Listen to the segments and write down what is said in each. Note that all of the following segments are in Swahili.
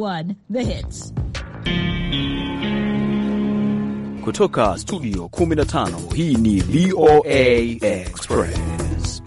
1, The Hits. Kutoka studio 15 hii ni VOA Express.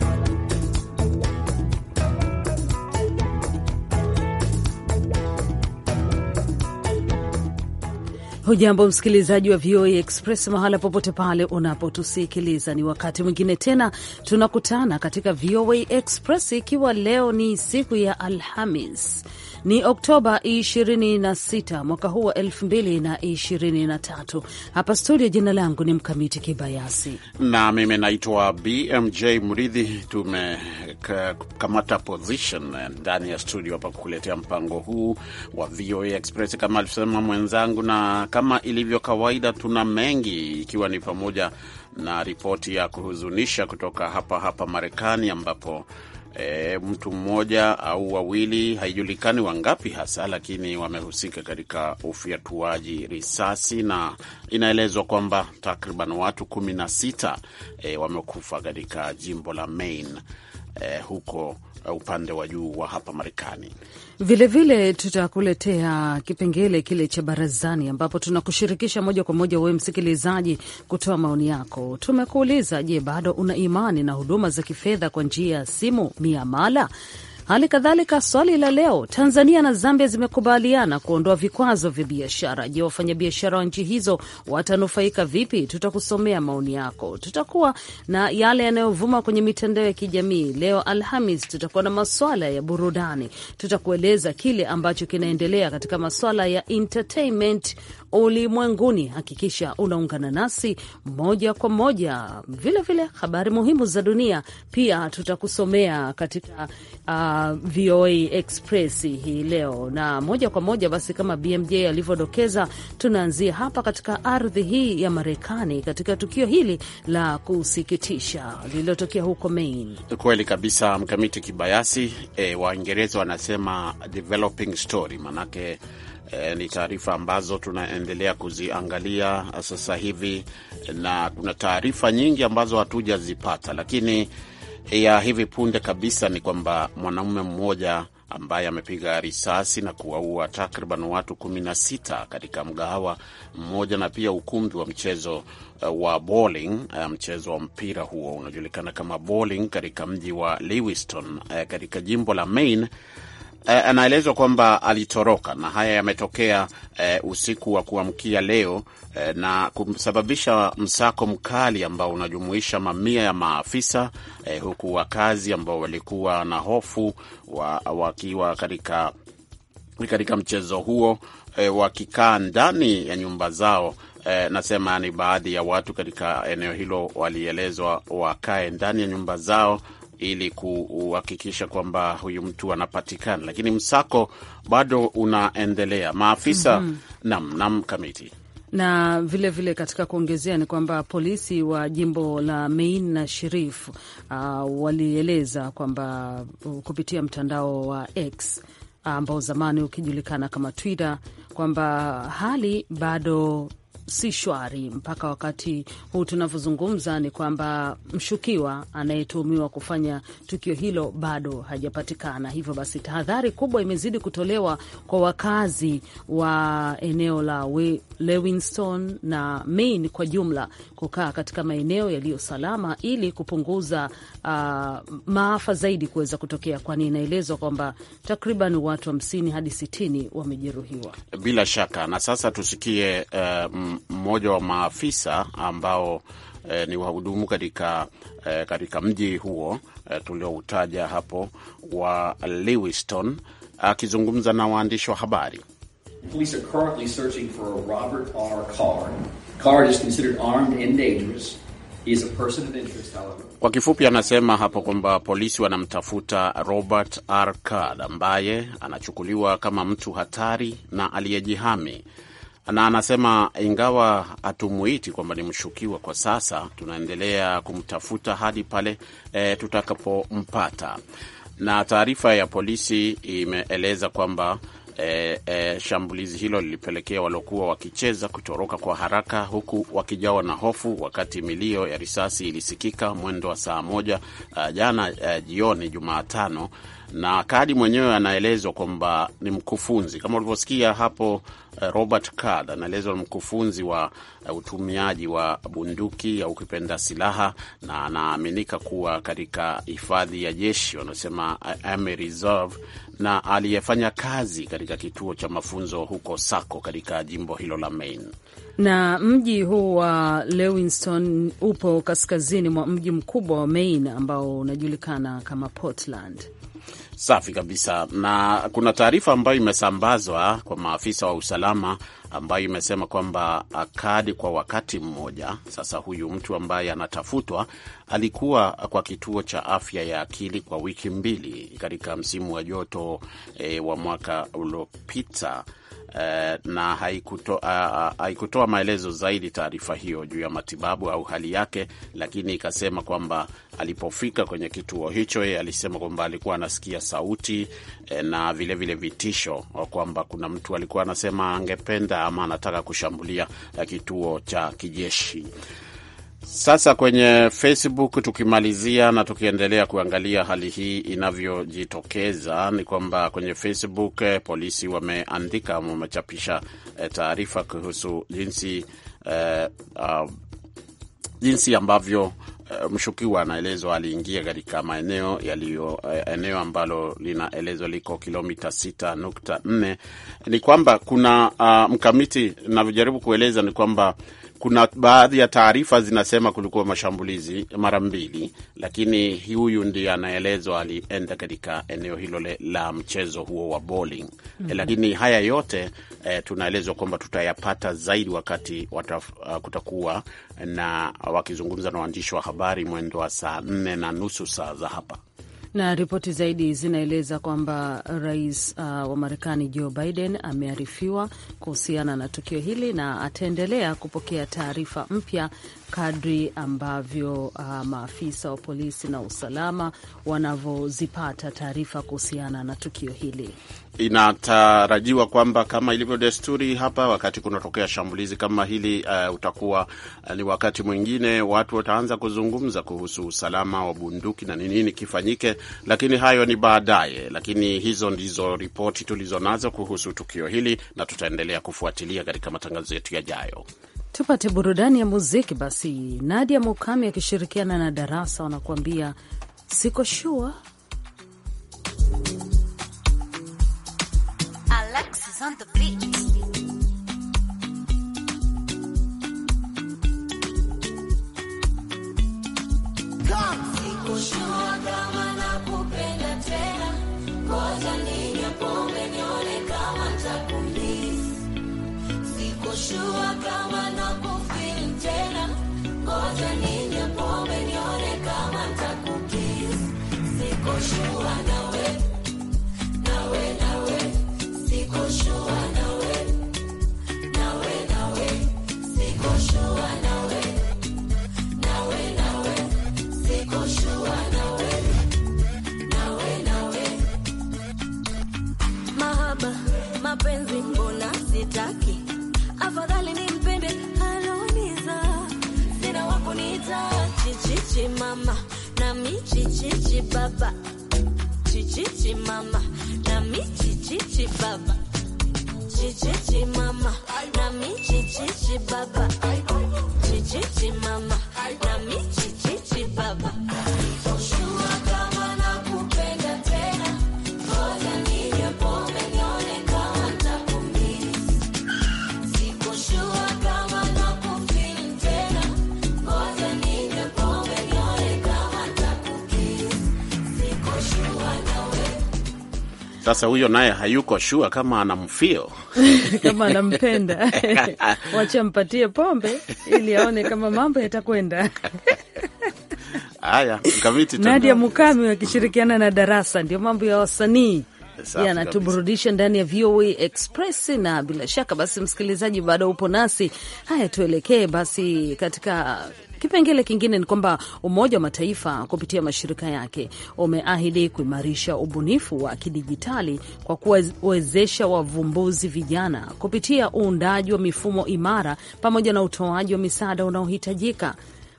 Hujambo msikilizaji wa VOA Express mahala popote pale unapotusikiliza, ni wakati mwingine tena tunakutana katika VOA Express, ikiwa leo ni siku ya Alhamis ni Oktoba 26 mwaka huu wa 2023. Hapa studio, jina langu ni Mkamiti Kibayasi na mimi naitwa BMJ Mridhi. Tumekamata position ndani ya studio hapa kukuletea mpango huu wa VOA Express kama alivyosema mwenzangu, na kama ilivyo kawaida, tuna mengi ikiwa ni pamoja na ripoti ya kuhuzunisha kutoka hapa hapa Marekani ambapo e, mtu mmoja au wawili, haijulikani wangapi hasa, lakini wamehusika katika ufyatuaji risasi, na inaelezwa kwamba takriban watu kumi na sita e, wamekufa katika jimbo la Maine eh, huko eh, upande wa juu wa hapa Marekani. Vilevile tutakuletea kipengele kile cha barazani, ambapo tunakushirikisha moja kwa moja wewe msikilizaji kutoa maoni yako. Tumekuuliza, je, bado una imani na huduma za kifedha kwa njia ya simu miamala? Hali kadhalika swali la leo, Tanzania na Zambia zimekubaliana kuondoa vikwazo vya biashara. Je, wafanyabiashara wa nchi hizo watanufaika vipi? Tutakusomea maoni yako. Tutakuwa na yale yanayovuma kwenye mitandao ya kijamii leo Alhamis. Tutakuwa na maswala ya burudani, tutakueleza kile ambacho kinaendelea katika maswala ya entertainment ulimwenguni. Hakikisha unaungana nasi moja kwa moja, vilevile habari muhimu za dunia pia tutakusomea katika uh, VOA Express hii leo na moja kwa moja. Basi kama BMJ alivyodokeza, tunaanzia hapa katika ardhi hii ya Marekani katika tukio hili la kusikitisha lililotokea huko Maine. Kweli kabisa, mkamiti kibayasi. E, Waingereza wanasema developing story, manake E, ni taarifa ambazo tunaendelea kuziangalia eh, sasa hivi, na kuna taarifa nyingi ambazo hatujazipata, lakini eh, ya hivi punde kabisa ni kwamba mwanamume mmoja ambaye amepiga risasi na kuwaua takriban watu 16 katika mgahawa mmoja na pia ukumbi wa mchezo wa bowling, mchezo wa mpira huo unajulikana kama bowling katika mji wa Lewiston katika jimbo la Maine Eh, anaelezwa kwamba alitoroka na haya yametokea e, usiku wa kuamkia leo e, na kusababisha msako mkali ambao unajumuisha mamia ya maafisa e, huku wakazi ambao walikuwa na hofu wa, wakiwa katika katika mchezo huo e, wakikaa ndani ya nyumba zao. E, nasema ni baadhi ya watu katika eneo hilo walielezwa wakae ndani ya nyumba zao ili kuhakikisha kwamba huyu mtu anapatikana, lakini msako bado unaendelea maafisa mm -hmm. nam nam kamiti na vilevile vile katika kuongezea ni kwamba polisi wa jimbo la Maine na sherif uh, walieleza kwamba uh, kupitia mtandao wa X uh, ambao zamani ukijulikana kama Twitter kwamba hali bado si shwari mpaka wakati huu tunavyozungumza, ni kwamba mshukiwa anayetuhumiwa kufanya tukio hilo bado hajapatikana. Hivyo basi, tahadhari kubwa imezidi kutolewa kwa wakazi wa eneo la Lewinston na Maine kwa jumla kukaa katika maeneo yaliyo salama ili kupunguza uh, maafa zaidi kuweza kutokea, kwani inaelezwa kwamba takriban watu hamsini hadi sitini wamejeruhiwa bila shaka. Na sasa tusikie uh, mmoja wa maafisa ambao eh, ni wahudumu katika, eh, katika mji huo eh, tulioutaja hapo wa Lewiston akizungumza na waandishi wa habari. Kwa kifupi anasema hapo kwamba polisi wanamtafuta Robert R. Card ambaye anachukuliwa kama mtu hatari na aliyejihami na anasema ingawa hatumuiti kwamba ni mshukiwa kwa sasa, tunaendelea kumtafuta hadi pale e, tutakapompata. Na taarifa ya polisi imeeleza kwamba E, e, shambulizi hilo lilipelekea waliokuwa wakicheza kutoroka kwa haraka huku wakijawa na hofu, wakati milio ya risasi ilisikika mwendo wa saa moja a, jana a, jioni Jumatano na Kadi mwenyewe anaelezwa kwamba ni mkufunzi kama ulivyosikia hapo. Eh, Robert Card anaelezwa mkufunzi wa eh, utumiaji wa bunduki au ukipenda silaha, na anaaminika kuwa katika hifadhi ya jeshi, wanasema eh, Army Reserve, na aliyefanya kazi katika kituo cha mafunzo huko Sako katika jimbo hilo la Maine. Na mji huu wa Lewiston upo kaskazini mwa mji mkubwa wa Maine ambao unajulikana kama Portland. Safi kabisa. Na kuna taarifa ambayo imesambazwa kwa maafisa wa usalama ambayo imesema kwamba akadi uh, kwa wakati mmoja sasa, huyu mtu ambaye anatafutwa alikuwa kwa kituo cha afya ya akili kwa wiki mbili katika msimu wa joto e, wa mwaka uliopita Eh, na haikuto, haikutoa maelezo zaidi taarifa hiyo juu ya matibabu au hali yake, lakini ikasema kwamba alipofika kwenye kituo hicho yeye alisema kwamba alikuwa anasikia sauti eh, na vilevile vile vitisho kwamba kuna mtu alikuwa anasema angependa ama anataka kushambulia eh, kituo cha kijeshi. Sasa kwenye Facebook tukimalizia na tukiendelea kuangalia hali hii inavyojitokeza, ni kwamba kwenye Facebook eh, polisi wameandika, ama wamechapisha eh, taarifa kuhusu jinsi eh, uh, jinsi ambavyo eh, mshukiwa anaelezwa aliingia katika maeneo yaliyo eh, eneo ambalo linaelezwa liko kilomita 6.4. Ni kwamba kuna uh, mkamiti navyojaribu kueleza ni kwamba kuna baadhi ya taarifa zinasema kulikuwa mashambulizi mara mbili, lakini huyu ndiye anaelezwa alienda katika eneo hilo la mchezo huo wa bowling mm -hmm. Lakini haya yote eh, tunaelezwa kwamba tutayapata zaidi wakati wataf, uh, kutakuwa na wakizungumza na waandishi wa habari mwendo wa saa nne na nusu saa za hapa na ripoti zaidi zinaeleza kwamba rais uh, wa Marekani Joe Biden amearifiwa kuhusiana na tukio hili na ataendelea kupokea taarifa mpya kadri ambavyo uh, maafisa wa polisi na usalama wanavyozipata taarifa kuhusiana na tukio hili. Inatarajiwa kwamba kama ilivyo desturi hapa, wakati kunatokea shambulizi kama hili uh, utakuwa uh, ni wakati mwingine watu wataanza kuzungumza kuhusu usalama wa bunduki na ninini nini kifanyike, lakini hayo ni baadaye. Lakini hizo ndizo ripoti tulizonazo kuhusu tukio hili na tutaendelea kufuatilia katika matangazo yetu yajayo. Tupate burudani ya muziki basi. Nadia Mukami akishirikiana na Darasa wanakuambia siko shua. jua kama nakufili tena, ngoja ni baba chichichi mama nami chichichi baba chichichi mama nami chichichi baba chichichi mama Sasa huyo naye hayuko shua kama anamfio kama anampenda wacha mpatie pombe ili aone kama mambo yatakwenda. Haya, mkamiti Nadia Mukami wakishirikiana na Darasa, ndio mambo ya wasanii yanatuburudisha ndani ya VOA Express. Na bila shaka basi, msikilizaji, bado upo nasi. Haya, tuelekee basi katika Kipengele kingine ni kwamba Umoja wa Mataifa kupitia mashirika yake umeahidi kuimarisha ubunifu wa kidijitali kwa kuwezesha wavumbuzi vijana kupitia uundaji wa mifumo imara pamoja na utoaji wa misaada unaohitajika.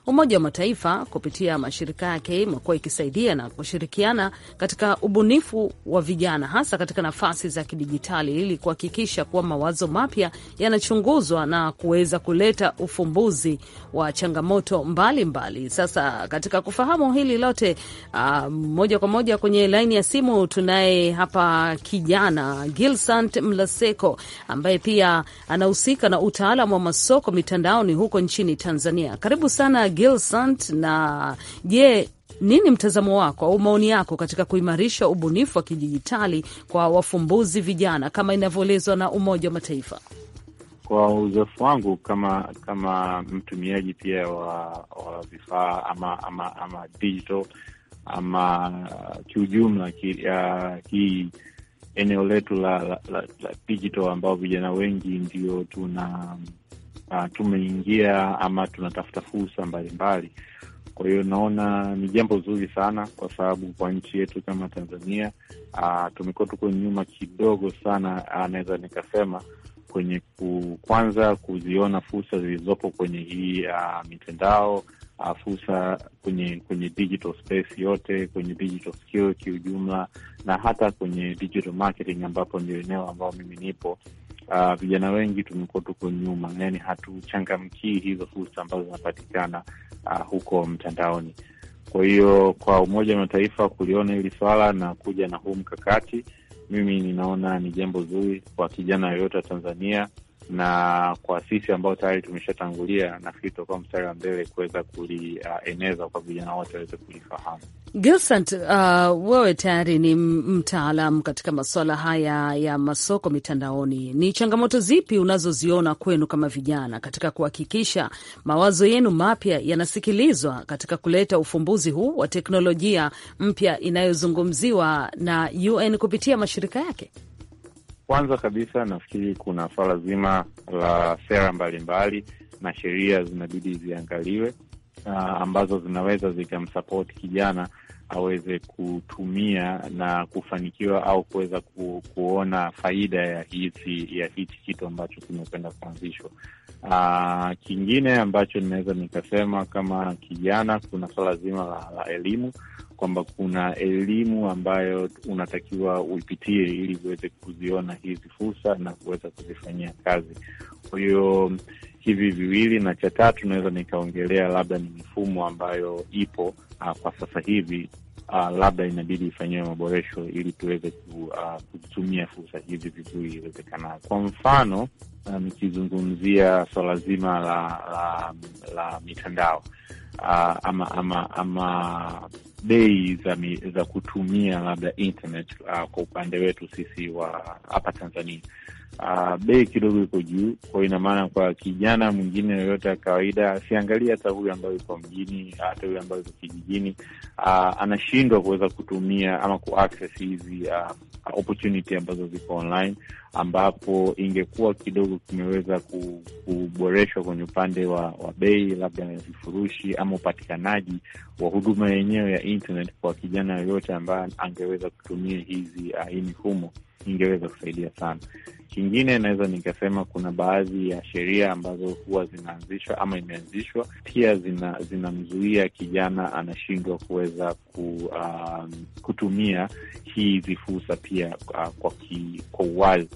Umoja wa Mataifa kupitia mashirika yake imekuwa ikisaidia na kushirikiana katika ubunifu wa vijana, hasa katika nafasi za kidijitali, ili kuhakikisha kuwa mawazo mapya yanachunguzwa na kuweza kuleta ufumbuzi wa changamoto mbalimbali mbali. Sasa katika kufahamu hili lote uh, moja kwa moja kwenye laini ya simu tunaye hapa kijana Gilsant Mlaseko ambaye pia anahusika na utaalam wa masoko mitandaoni huko nchini Tanzania. Karibu sana Gilsant, Na je, nini mtazamo wako au maoni yako katika kuimarisha ubunifu wa kidijitali kwa wafumbuzi vijana kama inavyoelezwa na Umoja wa Mataifa? Kwa uzoefu wangu kama kama mtumiaji pia wa, wa vifaa ama ama ama digital ama kiujumla hii eneo letu la, la, la, la digital ambao vijana wengi ndio tuna uh, tumeingia ama tunatafuta fursa mbalimbali. Kwa hiyo naona ni jambo zuri sana, kwa sababu kwa nchi yetu kama Tanzania uh, tumekuwa tuko nyuma kidogo sana, anaweza ah, uh, nikasema kwenye ku, kwanza kuziona fursa zilizopo kwenye hii uh, mitandao uh, fursa kwenye kwenye digital space yote, kwenye digital skill kiujumla, na hata kwenye digital marketing ambapo ndio eneo ambao mimi nipo. Uh, vijana wengi tumekuwa tuko nyuma, yani hatuchangamkii hizo fursa ambazo zinapatikana uh, huko mtandaoni. Kwa hiyo kwa Umoja wa Mataifa kuliona hili swala na kuja na huu mkakati mimi ninaona ni jambo zuri kwa kijana yoyote wa Tanzania na kwa sisi ambao tayari tumeshatangulia, nafikiri tutakuwa mstari wa mbele kuweza kulieneza uh, kwa vijana wote waweze kulifahamu. Gilsant, uh, wewe tayari ni mtaalam katika masuala haya ya masoko mitandaoni. Ni changamoto zipi unazoziona kwenu kama vijana katika kuhakikisha mawazo yenu mapya yanasikilizwa katika kuleta ufumbuzi huu wa teknolojia mpya inayozungumziwa na UN kupitia mashirika yake? Kwanza kabisa nafikiri kuna swala zima la sera mbalimbali mbali, na sheria zinabidi ziangaliwe, uh, ambazo zinaweza zikamsapoti kijana aweze kutumia na kufanikiwa au kuweza ku, kuona faida ya hizi ya hichi kitu ambacho kimekwenda kuanzishwa. Ah, kingine ambacho ninaweza nikasema kama kijana, kuna swala zima la, la elimu kwamba kuna elimu ambayo unatakiwa uipitie ili uweze kuziona hizi fursa na kuweza kuzifanyia kazi. Kwa hiyo hivi viwili, na cha tatu naweza nikaongelea labda ni mifumo ambayo ipo uh, kwa sasa hivi uh, labda inabidi ifanyiwe maboresho ili tuweze ah, kutumia uh, fursa hizi vizuri iwezekanayo Kwa mfano nikizungumzia um, swala so zima la, la, la mitandao uh, ama ama ama bei za, za kutumia labda internet uh, kwa upande wetu sisi wa hapa Tanzania uh, bei kidogo iko juu kwao. Ina maana kwa kijana mwingine yoyote ya kawaida, asiangalie hata huyu ambayo iko mjini, hata huyu ambayo iko kijijini, uh, anashindwa kuweza kutumia ama ku hizi uh, opportunity ambazo ziko online, ambapo ingekuwa kidogo kimeweza kuboreshwa kwenye upande wa, wa bei labda ya vifurushi ama upatikanaji wa huduma yenyewe ya internet kwa kijana yoyote ambaye angeweza kutumia hizi uh, hii mifumo ingeweza kusaidia sana. Kingine naweza nikasema kuna baadhi ya sheria ambazo huwa zinaanzishwa ama imeanzishwa pia zinamzuia zina kijana anashindwa kuweza ku, uh, kutumia hizi fursa pia uh, kwa, ki, kwa uwazi.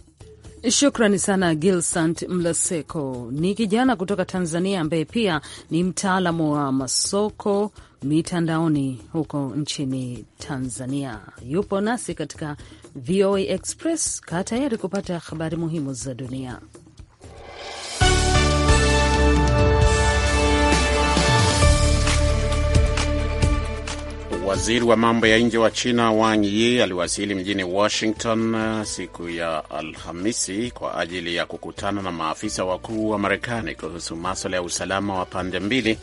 Shukrani sana Gilsant Mlaseko, ni kijana kutoka Tanzania ambaye pia ni mtaalamu wa masoko mitandaoni huko nchini Tanzania. Yupo nasi katika VOA Express. Kaa tayari kupata habari muhimu za dunia. Waziri wa mambo ya nje wa China Wang Yi aliwasili mjini Washington uh, siku ya Alhamisi kwa ajili ya kukutana na maafisa wakuu wa Marekani kuhusu maswala ya usalama wa pande mbili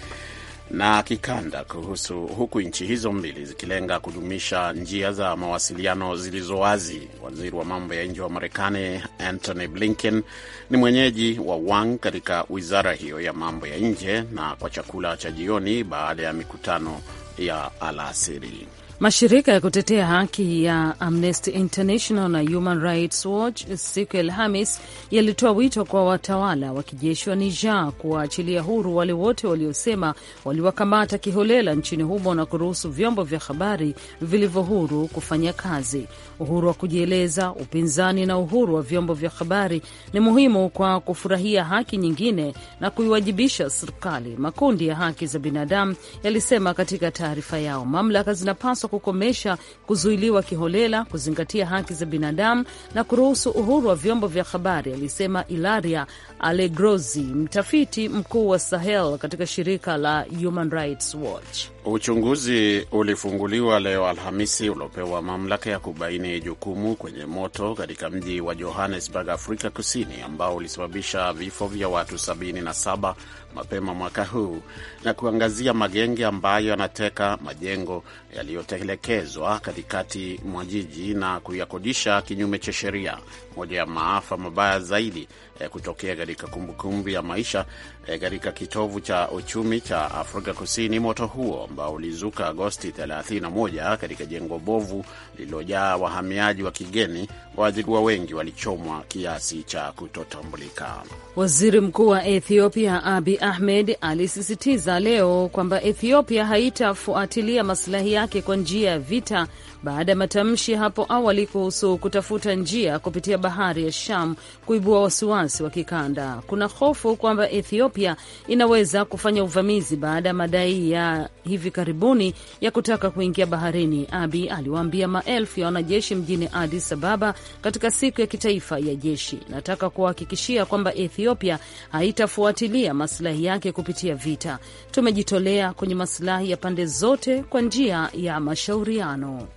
na kikanda kuhusu huku nchi hizo mbili zikilenga kudumisha njia za mawasiliano zilizo wazi. Waziri wa mambo ya nje wa Marekani Antony Blinken ni mwenyeji wa Wang katika wizara hiyo ya mambo ya nje na kwa chakula cha jioni baada ya mikutano ya alasiri. Mashirika ya kutetea haki ya Amnesty International na Human Rights Watch siku ya Alhamis yalitoa wito kwa watawala wa kijeshi wa Niger kuwaachilia huru wale wote waliosema waliwakamata kiholela nchini humo na kuruhusu vyombo vya habari vilivyo huru kufanya kazi uhuru wa kujieleza, upinzani na uhuru wa vyombo vya habari ni muhimu kwa kufurahia haki nyingine na kuiwajibisha serikali, makundi ya haki za binadamu yalisema katika taarifa yao. Mamlaka zinapaswa kukomesha kuzuiliwa kiholela, kuzingatia haki za binadamu na kuruhusu uhuru wa vyombo vya habari, alisema Ilaria Alegrozi, mtafiti mkuu wa Sahel katika shirika la Human Rights Watch. Uchunguzi ulifunguliwa leo Alhamisi uliopewa mamlaka ya kubaini ni jukumu kwenye moto katika mji wa Johannesburg, Afrika Kusini, ambao ulisababisha vifo vya watu 77 mapema mwaka huu na kuangazia magenge ambayo yanateka majengo yaliyotelekezwa katikati mwa jiji na kuyakodisha kinyume cha sheria, moja ya maafa mabaya zaidi ya eh, kutokea katika kumbukumbu ya maisha eh, katika kitovu cha uchumi cha Afrika Kusini. Moto huo ambao ulizuka Agosti 31 katika jengo bovu lililojaa wahamiaji wa kigeni, waajiriwa wengi walichomwa kiasi cha kutotambulika. Waziri Mkuu wa Ethiopia Abiy Abiy Ahmed alisisitiza leo kwamba Ethiopia haitafuatilia masilahi yake kwa njia ya vita baada ya matamshi hapo awali kuhusu kutafuta njia kupitia bahari ya Sham kuibua wasiwasi wa kikanda. Kuna hofu kwamba Ethiopia inaweza kufanya uvamizi baada ya madai ya hivi karibuni ya kutaka kuingia baharini. Abi aliwaambia maelfu ya wanajeshi mjini Addis Ababa katika siku ya kitaifa ya jeshi, nataka kuwahakikishia kwamba Ethiopia haitafuatilia masilahi yake kupitia vita. Tumejitolea kwenye masilahi ya pande zote kwa njia ya mashauriano.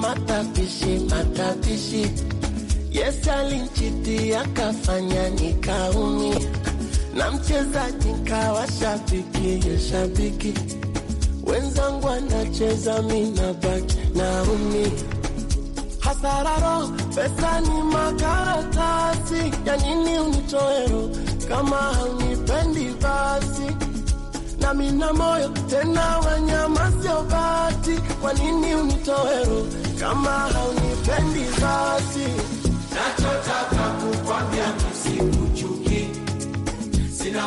Matapishi, matapishi, Yesu alinchitia kafanya nikaumia, na mchezaji kawa shabiki ya shabiki wenzangu nacheza mina baki naumi hasararo pesa ni makaratasi ya nini unitoero kama haunipendi basi na mina moyo tena wanyama sio bati kwa nini unitoero kama haunipendi basi nachotaka kukwambia msikuchuki sina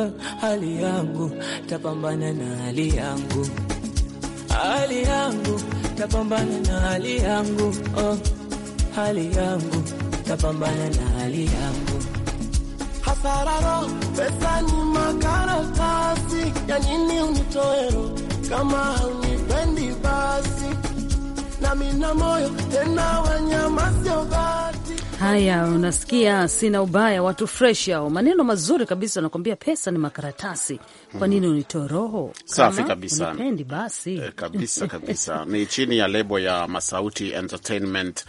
Ah, hali yangu tapambana na hali yangu, hali yangu tapambana na hali yangu, ah, hali yangu tapambana na hali yangu. Hasararo pesa ni makaratasi ya nini unitoero kama haunipendi basi, na mina moyo tena wanyama sio basi Haya, unasikia, sina ubaya, watu fresh hao, maneno mazuri kabisa. Nakwambia pesa ni makaratasi, kwa nini hmm. unitoe roho? Safi kabisa, unipendi basi. E, kabisa kabisa ni chini ya lebo ya Masauti Entertainment,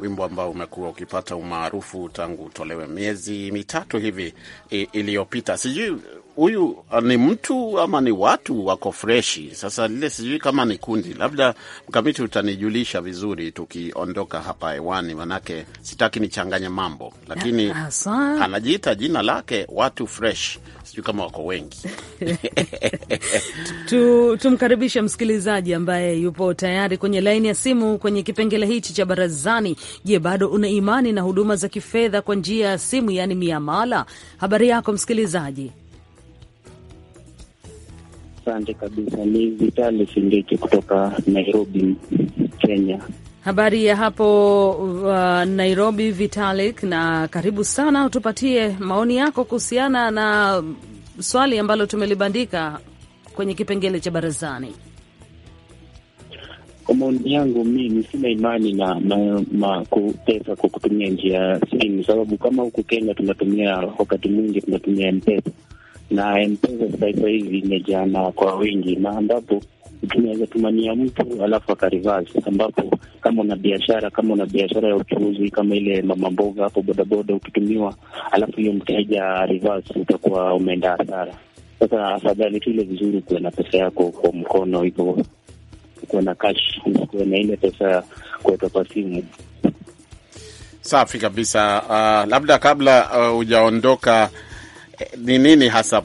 wimbo ambao umekuwa ukipata umaarufu tangu utolewe miezi mitatu hivi iliyopita, sijui huyu ah, ni mtu ama ni watu wako freshi. Sasa lile sijui kama ni kundi, labda mkamiti utanijulisha vizuri tukiondoka hapa hewani, manake sitaki nichanganye mambo, lakini ah, anajiita jina lake watu fresh, sijui kama wako wengi tu, tumkaribishe msikilizaji ambaye yupo tayari kwenye laini ya simu kwenye kipengele hichi cha barazani. Je, bado una imani na huduma za kifedha kwa njia ya simu, yaani miamala? Habari yako msikilizaji? Asante kabisa. Ni Vitali Sindiki kutoka Nairobi, Kenya. Habari ya hapo uh, Nairobi Vitalik, na karibu sana. Utupatie maoni yako kuhusiana na swali ambalo tumelibandika kwenye kipengele cha barazani. Kwa maoni yangu mimi sina imani na, na, kwa kutumia njia ya simu, sababu kama huku Kenya tunatumia wakati mwingi tunatumia mpesa na m sasa hivi imejana kwa wingi, na ambapo tunaweza tumania mtu alafu akarivasi, ambapo kama una biashara kama una biashara ya uchuuzi kama ile mama mboga hapo bodaboda, ukitumiwa alafu hiyo mteja rivasi, utakuwa umeenda hasara. Sasa afadhali tu ile vizuri, kuwe na pesa yako kwa mkono hivyo, kuwe na kash, kuwe na ile pesa kuweka kwa simu. Safi kabisa. Uh, labda kabla ah, hujaondoka uh, Eh, ni nini hasa,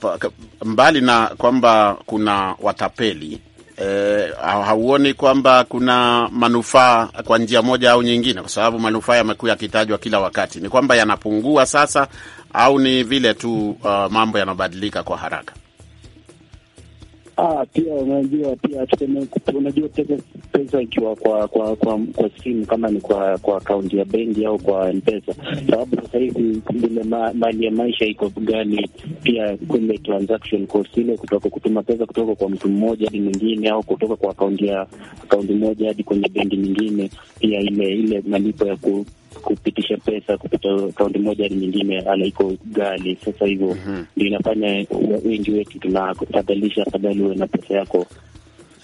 mbali na kwamba kuna watapeli eh, hauoni kwamba kuna manufaa kwa njia moja au nyingine? Kwa sababu manufaa yamekuwa yakitajwa kila wakati. Ni kwamba yanapungua sasa au ni vile tu uh, mambo yanabadilika kwa haraka? Ah, pia unajua pia unajua pesa ikiwa kwa kwa kwa, kwa simu kama ni kwa kwa akaunti ya benki au kwa Mpesa, sababu sasa hivi vile mali ya maisha iko gani, pia kule transaction cost ile kutoka kutuma pesa kutoka kwa mtu mmoja hadi mwingine au kutoka kwa akaunti ya akaunti moja hadi kwenye benki nyingine, pia ile ile malipo ya ku kupitisha pesa kupita kaunti moja hadi nyingine anaiko gali sasa, hivyo mhm. ndio mm -hmm. Inafanya wengi wetu tunafadhalisha, afadhali uwe na pesa yako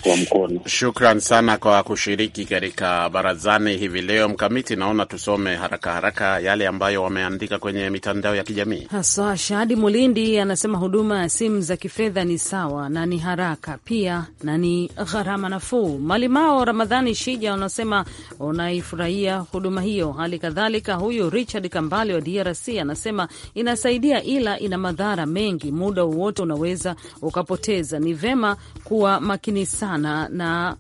kwa mkono. Shukran sana kwa kushiriki katika barazani hivi leo. Mkamiti, naona tusome haraka haraka yale ambayo wameandika kwenye mitandao ya kijamii haswa. Shahadi Mulindi anasema huduma ya simu za kifedha ni sawa na ni haraka pia na ni gharama nafuu. Malimao Ramadhani Shija anasema unaifurahia huduma hiyo. Hali kadhalika huyu Richard Kambale wa DRC anasema inasaidia, ila ina madhara mengi, muda wowote unaweza ukapoteza. Ni vema kuwa makini sana sana na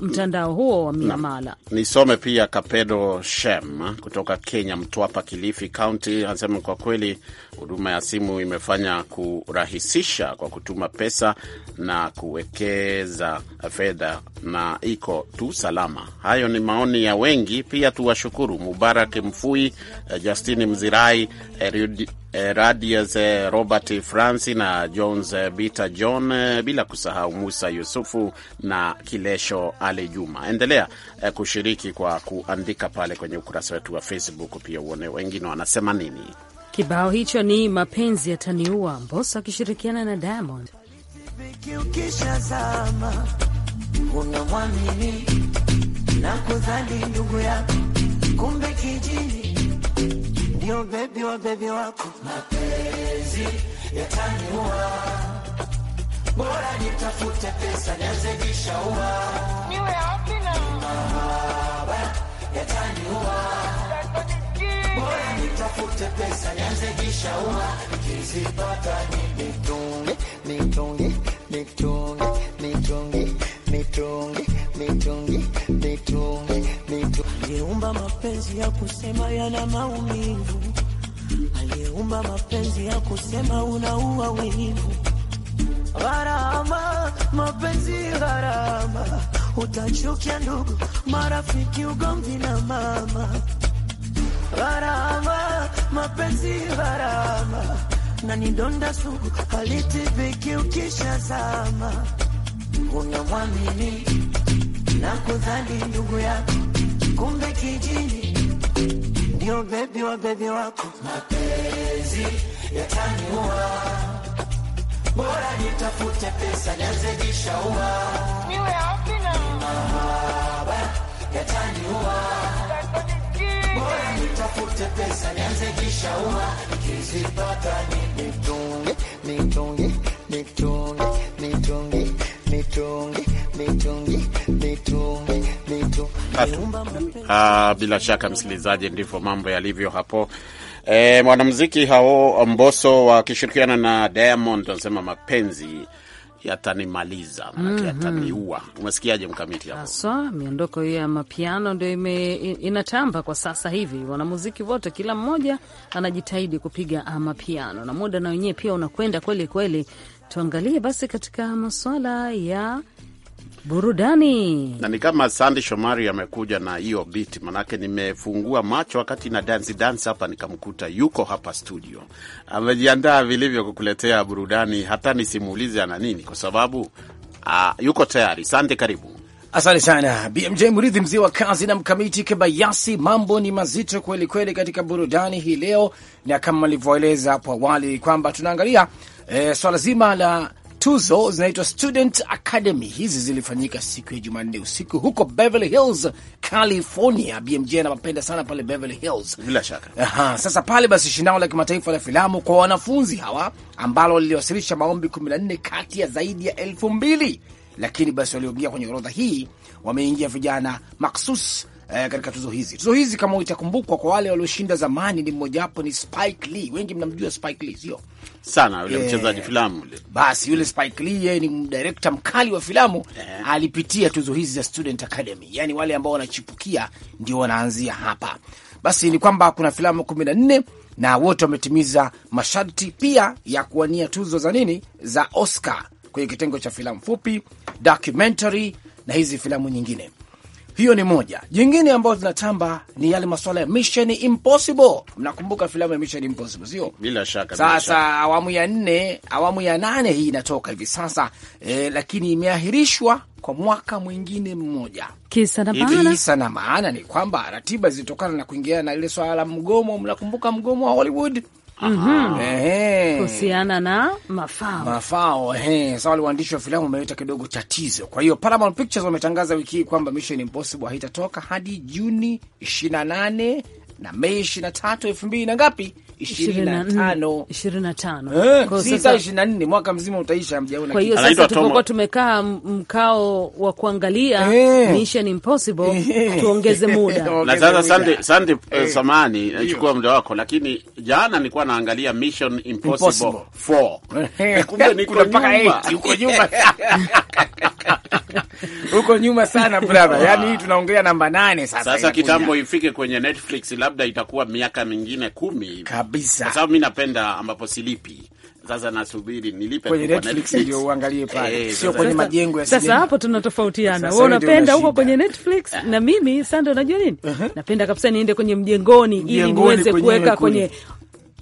mtandao huo wa miamala. Nisome pia Kapedo Shem eh, kutoka Kenya, Mtwapa, Kilifi Kaunti, anasema kwa kweli huduma ya simu imefanya kurahisisha kwa kutuma pesa na kuwekeza fedha na iko tu salama. Hayo ni maoni ya wengi. Pia tuwashukuru Mubarak Mfui, eh, Justini Mzirai, eh, eh, Radius eh, Robert Franci na Jones eh, Bita John eh, bila kusahau Musa Yusufu na Kilesho Ale Juma. Endelea eh, kushiriki kwa kuandika pale kwenye ukurasa wetu wa Facebook pia uone wengine wanasema nini. Kibao hicho ni mapenzi yataniua, Mbosso akishirikiana na Diamond. Unamwamini na kudhani ndugu yako, kumbe kijini ndio bebi wa bebi wako, mapenzi yataniua, bora nitafute pesa nianze jishaua, mahaba yataniua, nitafute pesa nianze jishaua, nikizipata nimetunge nitunge nitunge nitunge nitunge, nitunge, nitunge, nitunge. Aliyeumba mapenzi ya kusema yana maumivu, aliyeumba mapenzi ya kusema unaua wivu. Gharama mapenzi, gharama utachukia ndugu, marafiki, ugomvi na mama. Gharama mapenzi, gharama na ni donda sugu, halitibiki ukishazama unamwamini na kudhani ndugu yako, kumbe kijini ndio bebi wa bebi wako. Mapenzi yataniua, bora nitafute pesa nianze jishaua. Mahaba yataniua, nitafute pesa nianze jishaua. Nikizipata nitunge, nitunge, nitunge, nitunge Ah, bila shaka msikilizaji, ndivyo mambo yalivyo hapo. E, mwanamuziki hao Mboso wakishirikiana na Diamond wanasema mapenzi yatanimaliza mm -hmm. Yataniua. Umesikiaje mkamiti hapo Miondoko hiyo ya mapiano ndio ime inatamba kwa sasa hivi, wanamuziki wote, kila mmoja anajitahidi kupiga ah, mapiano, na muda na wenyewe pia unakwenda kweli kweli. Tuangalie basi katika masuala ya burudani na ni kama Sandi Shomari amekuja na hiyo biti, manake nimefungua macho wakati na dansi dansi hapa nikamkuta yuko hapa studio, amejiandaa vilivyo kukuletea burudani. Hata nisimuulize ana nini, kwa sababu ah, yuko tayari. sandi karibu. Asante sana BMJ Mridhi, mzee wa kazi na mkamiti Kibayasi. Mambo ni mazito kweli kweli katika burudani hii leo, na kama alivyoeleza hapo awali kwamba tunaangalia e, swala zima la tuzo zinaitwa Student Academy. Hizi zilifanyika siku ya Jumanne usiku huko Beverly Hills, California. BMJ anapapenda sana pale Beverly Hills, bila shaka. Aha, sasa pale basi shindano la kimataifa la filamu kwa wanafunzi hawa ambalo liliwasilisha maombi 14 kati ya zaidi ya elfu mbili lakini basi walioingia kwenye orodha hii wameingia vijana maksus eh, katika tuzo hizi. Tuzo hizi kama itakumbukwa, kwa wale walioshinda zamani, ni mmojawapo ni Spike Lee. Wengi mnamjua Spike Lee, sio sana yule yeah. mchezaji filamu Basi yule Spike Lee yeye ni direkta mkali wa filamu yeah. Alipitia tuzo hizi za Student Academy, yani wale ambao wanachipukia ndio wanaanzia hapa. Basi ni kwamba kuna filamu kumi na nne na wote wametimiza masharti pia ya kuwania tuzo za nini za Oscar kwenye kitengo cha filamu fupi, documentary na hizi filamu nyingine. Hiyo ni moja. Jingine ambayo zinatamba ni yale masuala ya Mission Impossible. Mnakumbuka filamu ya Mission Impossible, sio? Bila shaka. Sasa bila shaka. Awamu ya nne, awamu ya nane hii inatoka hivi sasa eh, lakini imeahirishwa kwa mwaka mwingine mmoja. Kisa na maana, kisa na maana ni kwamba ratiba zilitokana na kuingiana na ile swala la mgomo. Mnakumbuka mgomo wa Hollywood? Mm-hmm. kuhusiana na mafao mafao. Sawa, waandishi wa filamu wameleta kidogo tatizo. Kwa hiyo Paramount Pictures wametangaza wiki hii kwamba Mission Impossible haitatoka hadi Juni 28 na Mei 23 elfu mbili na ngapi ishirini eh, mwaka mzima utaisha, hamjaona. Kwa hiyo sasa tulipokuwa tumekaa mkao wa kuangalia eh. Mission Impossible eh. tuongeze muda na sasa. Sande, Sande, samani nachukua muda wako, lakini jana nilikuwa naangalia Mission Impossible 4 kumbe niko nyuma, nyuma huko nyuma sana brother. Yani hii tunaongelea namba nane sasa. Sasa kitambo ifike kwenye Netflix, labda itakuwa miaka mingine kumi kabisa, kwa sababu mi napenda ambapo silipi sasa nasubiri nilipe kwenye Netflix ndio uangalie pale, eh, sio kwenye majengo ya sasa. Hapo tunatofautiana, wewe unapenda huko kwenye Netflix eh. na mimi sando unajua nini, uh -huh. Napenda kabisa niende kwenye mjengoni, mjengoni ili niweze kuweka kwenye, kwenye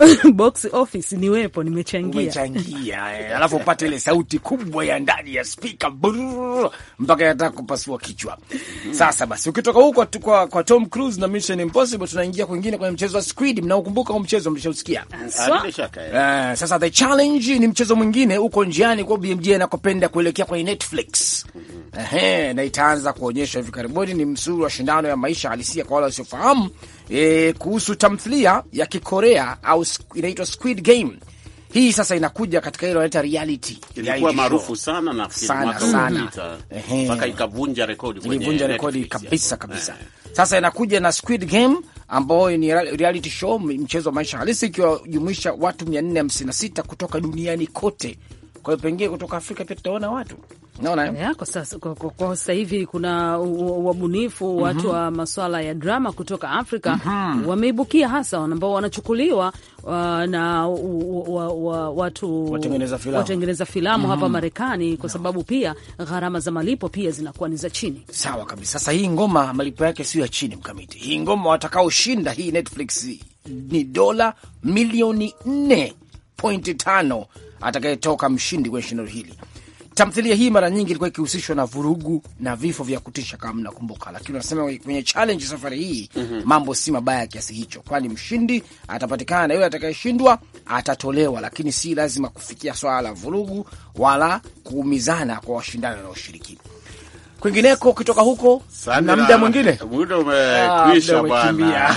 box office niwepo, nimechangia umechangia eh. Alafu upate ile sauti kubwa ya ndani ya spika mpaka yataka kupasua kichwa. Mm-hmm. Sasa basi, ukitoka huko kwa, kwa Tom Cruise na Mission Impossible, tunaingia kwingine kwenye mchezo wa Squid. Mnaukumbuka huu mchezo, mlishausikia? Uh, sasa the challenge ni mchezo mwingine uko njiani kwa BMJ anakopenda kuelekea kwenye Netflix. Mm-hmm. Ehe, na itaanza kuonyesha hivi karibuni. Ni msuru wa shindano ya maisha halisia kwa wale wasiofahamu, e, kuhusu tamthilia ya Kikorea au inaitwa Squid Game. Hii sasa inakuja katika ile inaitwa reality, ilikuwa maarufu sana na sana sana mpaka ikavunja rekodi kwenye ilivunja rekodi kabisa kabisa. Eh. Sasa inakuja na Squid Game ambayo ni reality show, mchezo wa maisha halisi, ikiwajumuisha watu 456 kutoka duniani kote kwa hiyo pengine kutoka Afrika pia tutaona watu naona eh? ya, kwa sasa kwa, kwa hivi kuna wabunifu mhm. watu mm -hmm. wa maswala ya drama kutoka Afrika mm -hmm. wameibukia hasa ambao wanachukuliwa uh, na u, u, watu watengeneza filamu, watengeneza filamu mm -hmm. hapa mhm. Marekani kwa no. sababu pia gharama za malipo pia zinakuwa ni za chini. Sawa kabisa. Sasa hii ngoma malipo yake sio ya chini mkamiti, hii ngoma watakaoshinda hii Netflix ni dola milioni nne atakayetoka mshindi kwenye shindano hili. Tamthilia hii mara nyingi ilikuwa ikihusishwa na vurugu na vifo vya kutisha, kama mnakumbuka, lakini wanasema kwenye challenge safari hii mm -hmm. mambo si mabaya kiasi hicho, kwani mshindi atapatikana na yule atakayeshindwa atatolewa, lakini si lazima kufikia swala la vurugu wala kuumizana kwa washindani wanaoshiriki kwingineko kutoka huko Sani na mda mwingine muda umekwisha ah, bwana.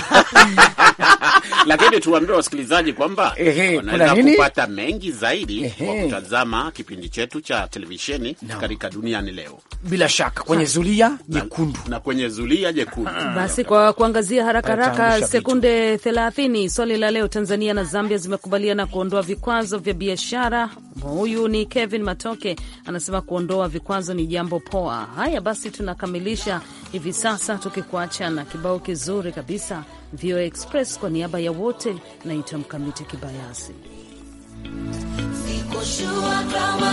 Lakini tuwaambie wasikilizaji kwamba wanaweza kupata mengi zaidi kwa kutazama kipindi chetu cha televisheni no. katika duniani leo, bila shaka kwenye zulia nyekundu na, na kwenye zulia nyekundu ah. basi. Kwa kuangazia haraka haraka sekunde 30, swali la leo, Tanzania na Zambia zimekubaliana kuondoa vikwazo vya biashara. Huyu ni Kevin Matoke anasema kuondoa vikwazo ni jambo poa. Haya haya basi, tunakamilisha hivi sasa tukikuacha na kibao kizuri kabisa VOA Express. Kwa niaba ya wote naitwa Mkamiti Kibayasi. Sikushua kama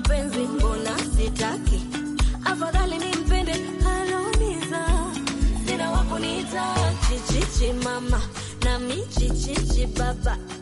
mapenzi mbona sitaki, afadhali nimpende aloniza, sina wakunita chichichi mama na michichichi baba